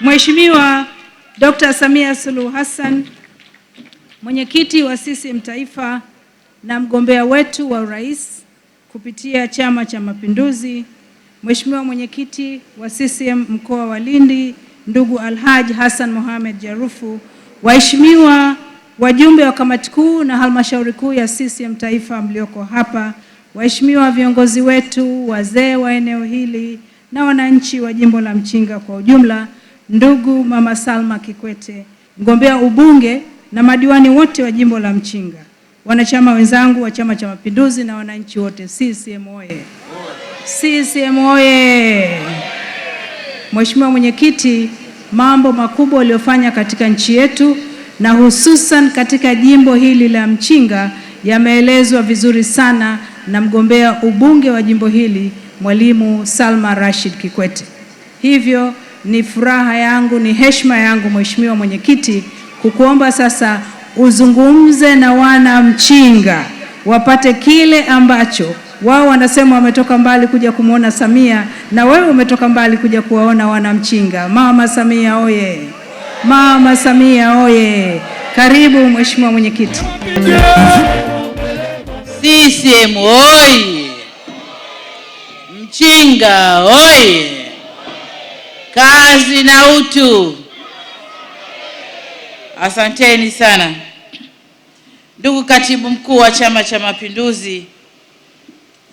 Mheshimiwa Dr. Samia Suluhu Hassan, mwenyekiti wa CCM Taifa na mgombea wetu wa urais kupitia Chama cha Mapinduzi, Mheshimiwa mwenyekiti wa CCM mkoa wa Lindi, ndugu Alhaj Hassan Mohamed Jarufu, waheshimiwa wajumbe wa kamati kuu na halmashauri kuu ya CCM Taifa mlioko hapa, waheshimiwa viongozi wetu, wazee wa eneo hili na wananchi wa jimbo la Mchinga kwa ujumla, ndugu Mama Salma Kikwete, mgombea ubunge na madiwani wote wa jimbo la Mchinga, wanachama wenzangu wa Chama cha Mapinduzi na wananchi wote, CCM oye! CCM oye! Mheshimiwa Mwenyekiti, mambo makubwa aliyofanya katika nchi yetu na hususan katika jimbo hili la Mchinga yameelezwa vizuri sana na mgombea ubunge wa jimbo hili Mwalimu Salma Rashid Kikwete. Hivyo ni furaha yangu, ni heshima yangu Mheshimiwa Mwenyekiti, kukuomba sasa uzungumze na wana Mchinga wapate kile ambacho wao wanasema wametoka mbali kuja kumwona Samia, na wewe umetoka mbali kuja kuwaona wana Mchinga. Mama Samia oye! Mama Samia oye! Karibu Mheshimiwa Mwenyekiti. CCM oye! Mchinga oye! kazi na utu. Asanteni sana. Ndugu katibu mkuu wa Chama cha Mapinduzi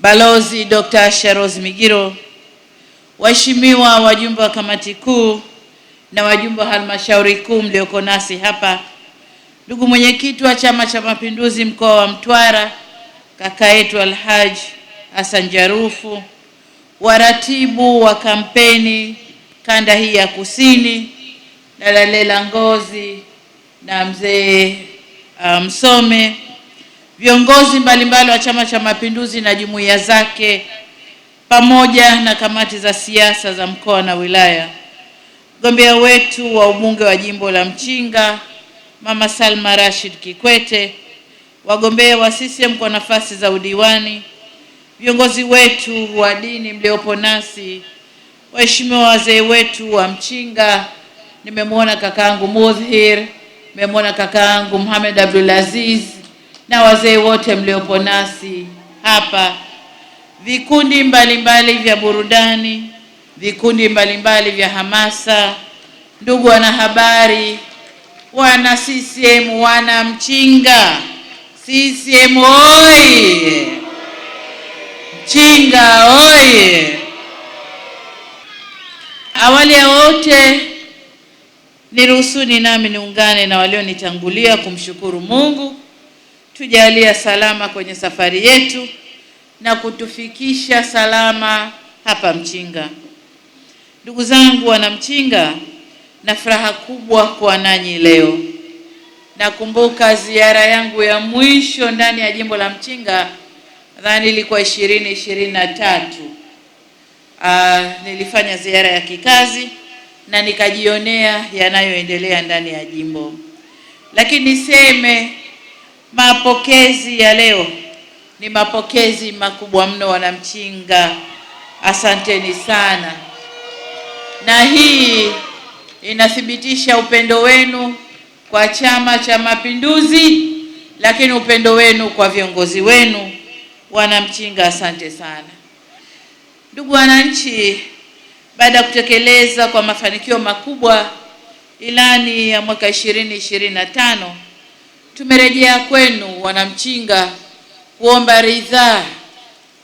Balozi Dr. Asha Migiro, waheshimiwa wajumbe wa kamati kuu na wajumbe wa halmashauri kuu mlioko nasi hapa, ndugu mwenyekiti wa Chama cha Mapinduzi mkoa wa Mtwara kaka yetu Alhaji Hassan Jarufu, waratibu wa kampeni kanda hii ya kusini, Dalalela Ngozi na mzee uh, Msome, um, viongozi mbalimbali wa Chama cha Mapinduzi na jumuiya zake pamoja na kamati za siasa za mkoa na wilaya, mgombea wetu wa ubunge wa jimbo la Mchinga Mama Salma Rashid Kikwete, wagombea wa CCM kwa nafasi za udiwani, viongozi wetu wa dini mliopo nasi Waheshimiwa wazee wetu wa Mchinga, nimemwona kakaangu Mudhir, nimemwona kakaangu Muhammad Abdul Aziz na wazee wote mliopo nasi hapa, vikundi mbalimbali mbali vya burudani, vikundi mbalimbali mbali vya hamasa, ndugu wanahabari, wana CCM, wana Mchinga, CCM oye! Mchinga oye! Awali ya wote niruhusuni nami niungane na walionitangulia kumshukuru Mungu tujalia salama kwenye safari yetu na kutufikisha salama hapa Mchinga. Ndugu zangu wana Mchinga, na furaha kubwa kuwa nanyi leo. Nakumbuka ziara yangu ya mwisho ndani ya jimbo la Mchinga, nadhani ilikuwa ishirini ishirini na tatu Uh, nilifanya ziara ya kikazi na nikajionea yanayoendelea ndani ya jimbo, lakini niseme mapokezi ya leo ni mapokezi makubwa mno. Wanamchinga, asanteni sana, na hii inathibitisha upendo wenu kwa Chama cha Mapinduzi, lakini upendo wenu kwa viongozi wenu. Wanamchinga, asante sana. Ndugu wananchi, baada ya kutekeleza kwa mafanikio makubwa ilani ya mwaka 2025 tumerejea kwenu wanamchinga kuomba ridhaa,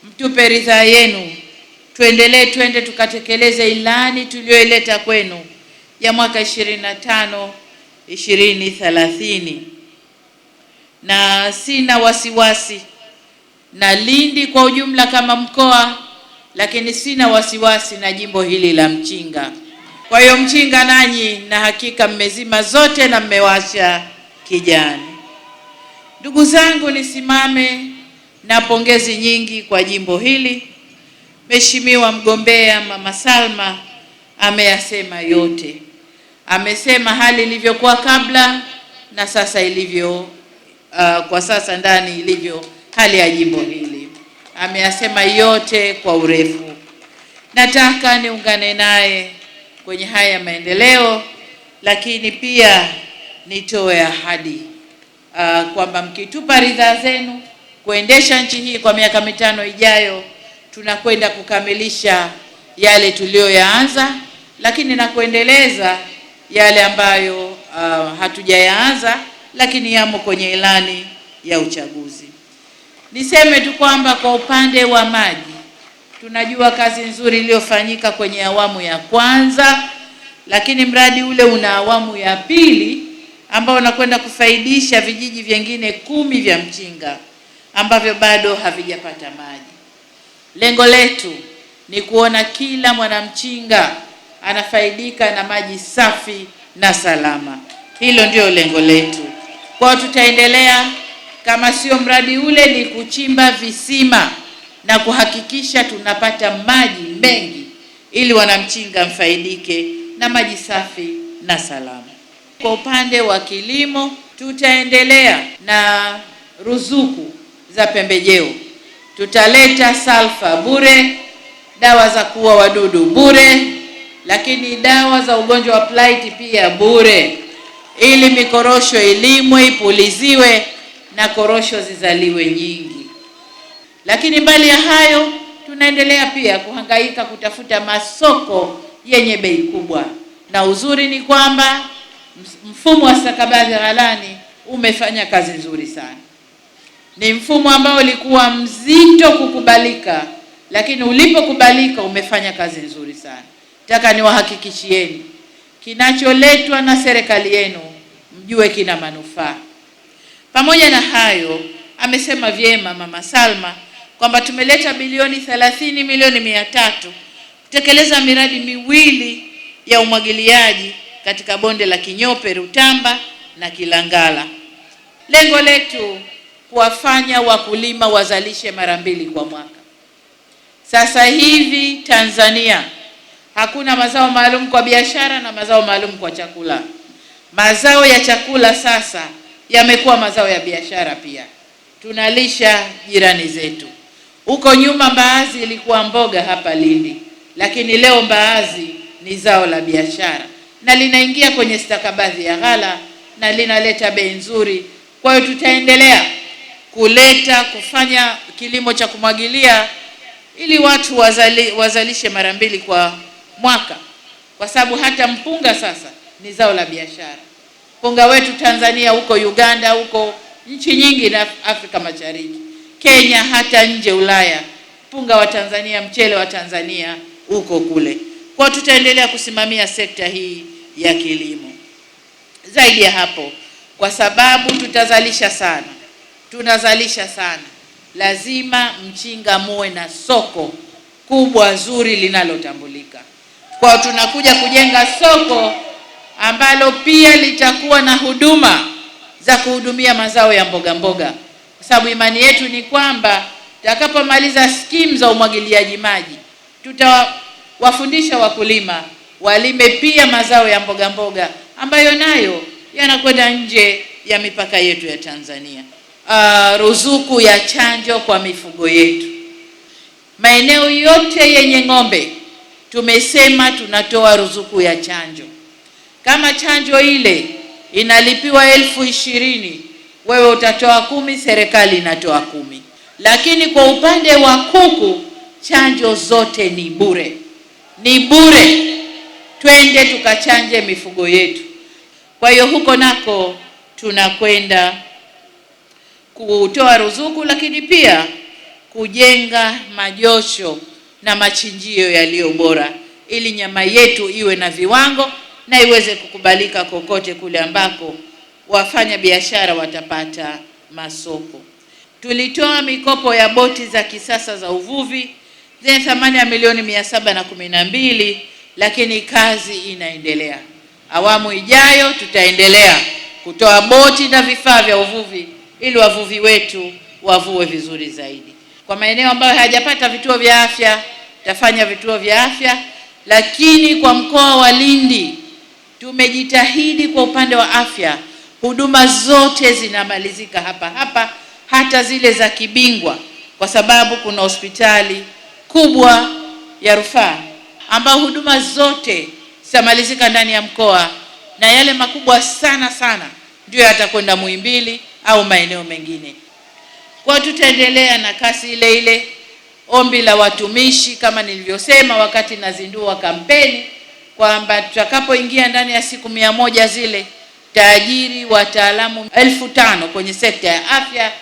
mtupe ridhaa yenu tuendelee, twende tukatekeleze ilani tuliyoileta kwenu ya mwaka 25 2030, na sina wasiwasi na Lindi kwa ujumla kama mkoa lakini sina wasiwasi na jimbo hili la Mchinga. Kwa hiyo Mchinga nanyi na hakika mmezima zote na mmewasha kijani. Ndugu zangu, nisimame na pongezi nyingi kwa jimbo hili. Mheshimiwa mgombea Mama Salma ameyasema yote, amesema hali ilivyokuwa kabla na sasa ilivyo, uh, kwa sasa ndani ilivyo hali ya jimbo hili ameyasema yote kwa urefu. Nataka niungane naye kwenye haya maendeleo, lakini pia nitoe ahadi uh, kwamba mkitupa ridhaa zenu kuendesha nchi hii kwa miaka mitano ijayo, tunakwenda kukamilisha yale tuliyoyaanza, lakini na kuendeleza yale ambayo uh, hatujayaanza, lakini yamo kwenye ilani ya uchaguzi. Niseme tu kwamba kwa upande wa maji tunajua kazi nzuri iliyofanyika kwenye awamu ya kwanza, lakini mradi ule una awamu ya pili ambao unakwenda kufaidisha vijiji vyengine kumi vya Mchinga ambavyo bado havijapata maji. Lengo letu ni kuona kila mwanamchinga anafaidika na maji safi na salama. Hilo ndio lengo letu. Kwao tutaendelea kama sio mradi ule, ni kuchimba visima na kuhakikisha tunapata maji mengi ili wanamchinga mfaidike na maji safi na salama. Kwa upande wa kilimo, tutaendelea na ruzuku za pembejeo, tutaleta salfa bure, dawa za kuua wadudu bure, lakini dawa za ugonjwa wa plaiti pia bure, ili mikorosho ilimwe, ipuliziwe na korosho zizaliwe nyingi. Lakini mbali ya hayo, tunaendelea pia kuhangaika kutafuta masoko yenye bei kubwa, na uzuri ni kwamba mfumo wa stakabadhi ghalani umefanya kazi nzuri sana. Ni mfumo ambao ulikuwa mzito kukubalika, lakini ulipokubalika umefanya kazi nzuri sana. Nataka niwahakikishieni, kinacholetwa na serikali yenu mjue kina manufaa. Pamoja na hayo, amesema vyema Mama Salma kwamba tumeleta bilioni thelathini milioni mia tatu kutekeleza miradi miwili ya umwagiliaji katika bonde la Kinyope, Rutamba na Kilangala. Lengo letu kuwafanya wakulima wazalishe mara mbili kwa mwaka. Sasa hivi Tanzania hakuna mazao maalum kwa biashara na mazao maalum kwa chakula. Mazao ya chakula sasa yamekuwa mazao ya biashara pia, tunalisha jirani zetu. Huko nyuma mbaazi ilikuwa mboga hapa Lindi, lakini leo mbaazi ni zao la biashara na linaingia kwenye stakabadhi ya ghala na linaleta bei nzuri. Kwa hiyo tutaendelea kuleta kufanya kilimo cha kumwagilia ili watu wazali, wazalishe mara mbili kwa mwaka, kwa sababu hata mpunga sasa ni zao la biashara mpunga wetu Tanzania, huko Uganda, huko nchi nyingi na Afrika Mashariki, Kenya, hata nje Ulaya, mpunga wa Tanzania, mchele wa Tanzania huko kule. Kwa tutaendelea kusimamia sekta hii ya kilimo. Zaidi ya hapo, kwa sababu tutazalisha sana, tunazalisha sana, lazima Mchinga muwe na soko kubwa zuri linalotambulika. Kwa tunakuja kujenga soko ambalo pia litakuwa na huduma za kuhudumia mazao ya mboga mboga, kwa sababu imani yetu ni kwamba takapomaliza skimu za umwagiliaji maji, tutawafundisha wakulima walime pia mazao ya mboga mboga ambayo nayo yanakwenda nje ya mipaka yetu ya Tanzania. Uh, ruzuku ya chanjo kwa mifugo yetu, maeneo yote yenye ng'ombe tumesema tunatoa ruzuku ya chanjo. Kama chanjo ile inalipiwa elfu ishirini wewe utatoa kumi, serikali inatoa kumi. Lakini kwa upande wa kuku, chanjo zote ni bure, ni bure. Twende tukachanje mifugo yetu. Kwa hiyo huko nako tunakwenda kutoa ruzuku, lakini pia kujenga majosho na machinjio yaliyo bora, ili nyama yetu iwe na viwango na iweze kukubalika kokote kule ambako wafanya biashara watapata masoko. Tulitoa mikopo ya boti za kisasa za uvuvi zenye thamani ya milioni mia saba na kumi na mbili, lakini kazi inaendelea. Awamu ijayo tutaendelea kutoa boti na vifaa vya uvuvi ili wavuvi wetu wavue vizuri zaidi. Kwa maeneo ambayo hayajapata vituo vya afya, tafanya vituo vya afya, lakini kwa mkoa wa Lindi tumejitahidi kwa upande wa afya, huduma zote zinamalizika hapa hapa, hata zile za kibingwa, kwa sababu kuna hospitali kubwa ya rufaa ambayo huduma zote zitamalizika ndani ya mkoa, na yale makubwa sana sana ndiyo yatakwenda Muhimbili au maeneo mengine. Kwa tutaendelea na kasi ile ile. Ombi la watumishi kama nilivyosema wakati nazindua kampeni kwamba tutakapoingia ndani ya siku mia moja zile taajiri wataalamu elfu tano kwenye sekta ya afya,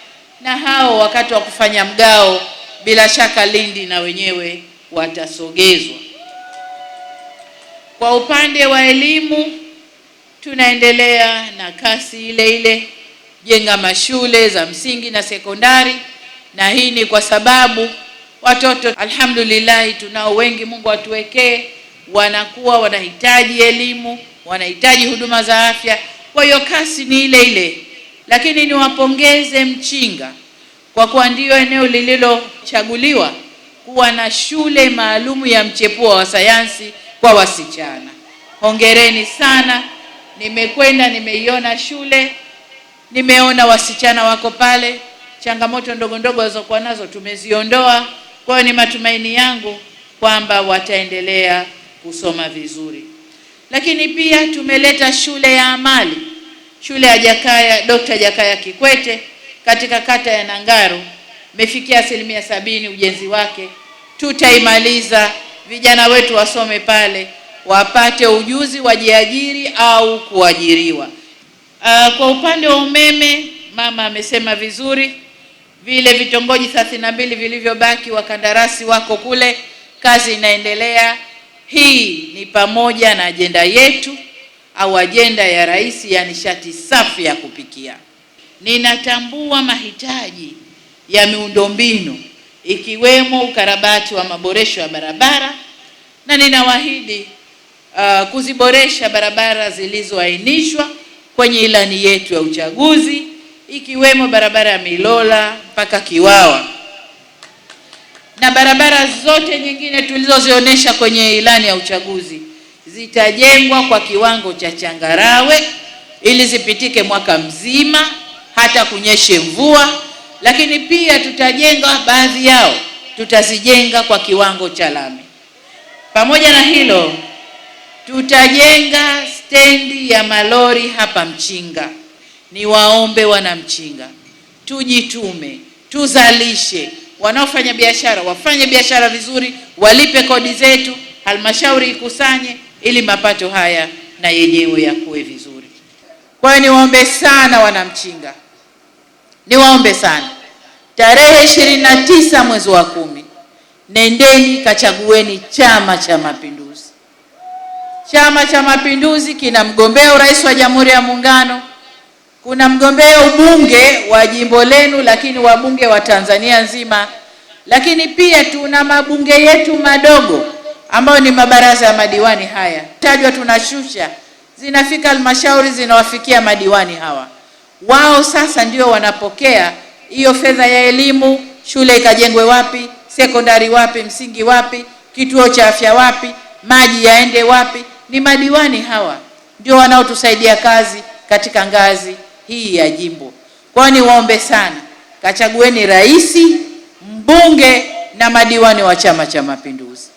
na hao wakati wa kufanya mgao, bila shaka Lindi na wenyewe watasogezwa. Kwa upande wa elimu, tunaendelea na kasi ile ile, jenga mashule za msingi na sekondari, na hii ni kwa sababu watoto alhamdulillah tunao wengi, Mungu atuwekee wanakuwa wanahitaji elimu, wanahitaji huduma za afya. Kwa hiyo kasi ni ile ile, lakini niwapongeze Mchinga kwa kuwa ndiyo eneo lililochaguliwa kuwa na shule maalumu ya mchepuo wa sayansi kwa wasichana. Hongereni sana. Nimekwenda nimeiona shule, nimeona wasichana wako pale, changamoto ndogo ndogo walizokuwa nazo tumeziondoa. Kwa hiyo ni matumaini yangu kwamba wataendelea kusoma vizuri. Lakini pia tumeleta shule ya amali, shule ya Jakaya Dr. Jakaya Kikwete katika kata ya Nangaru imefikia asilimia sabini ujenzi wake. Tutaimaliza, vijana wetu wasome pale, wapate ujuzi, wajiajiri au kuajiriwa. Uh, kwa upande wa umeme mama amesema vizuri, vile vitongoji thelathini na mbili vilivyobaki wakandarasi wako kule, kazi inaendelea. Hii ni pamoja na ajenda yetu au ajenda ya Rais ya nishati safi ya kupikia. Ninatambua mahitaji ya miundombinu ikiwemo ukarabati wa maboresho ya barabara na ninawaahidi uh, kuziboresha barabara zilizoainishwa kwenye ilani yetu ya uchaguzi ikiwemo barabara ya Milola mpaka Kiwawa na barabara zote nyingine tulizozionyesha kwenye ilani ya uchaguzi zitajengwa kwa kiwango cha changarawe ili zipitike mwaka mzima hata kunyeshe mvua, lakini pia tutajenga baadhi yao, tutazijenga kwa kiwango cha lami. Pamoja na hilo, tutajenga stendi ya malori hapa Mchinga. Ni waombe wana Mchinga, tujitume, tuzalishe wanaofanya biashara wafanye biashara vizuri, walipe kodi zetu, halmashauri ikusanye ili mapato haya na yenyewe yakuwe vizuri. Kwa hiyo niwaombe sana Wanamchinga, niwaombe sana tarehe ishirini na tisa mwezi wa kumi, nendeni kachagueni Chama cha Mapinduzi. Chama cha Mapinduzi kina mgombea urais wa Jamhuri ya Muungano kuna mgombea ubunge wa jimbo lenu, lakini wabunge wa Tanzania nzima, lakini pia tuna mabunge yetu madogo ambayo ni mabaraza ya madiwani haya tajwa, tunashusha zinafika halmashauri, zinawafikia madiwani hawa. Wao sasa ndio wanapokea hiyo fedha ya elimu, shule ikajengwe wapi, sekondari wapi, msingi wapi, kituo cha afya wapi, maji yaende wapi. Ni madiwani hawa ndio wanaotusaidia kazi katika ngazi hii ya jimbo. Kwa niwaombe sana, kachagueni rais, mbunge na madiwani wa Chama cha Mapinduzi.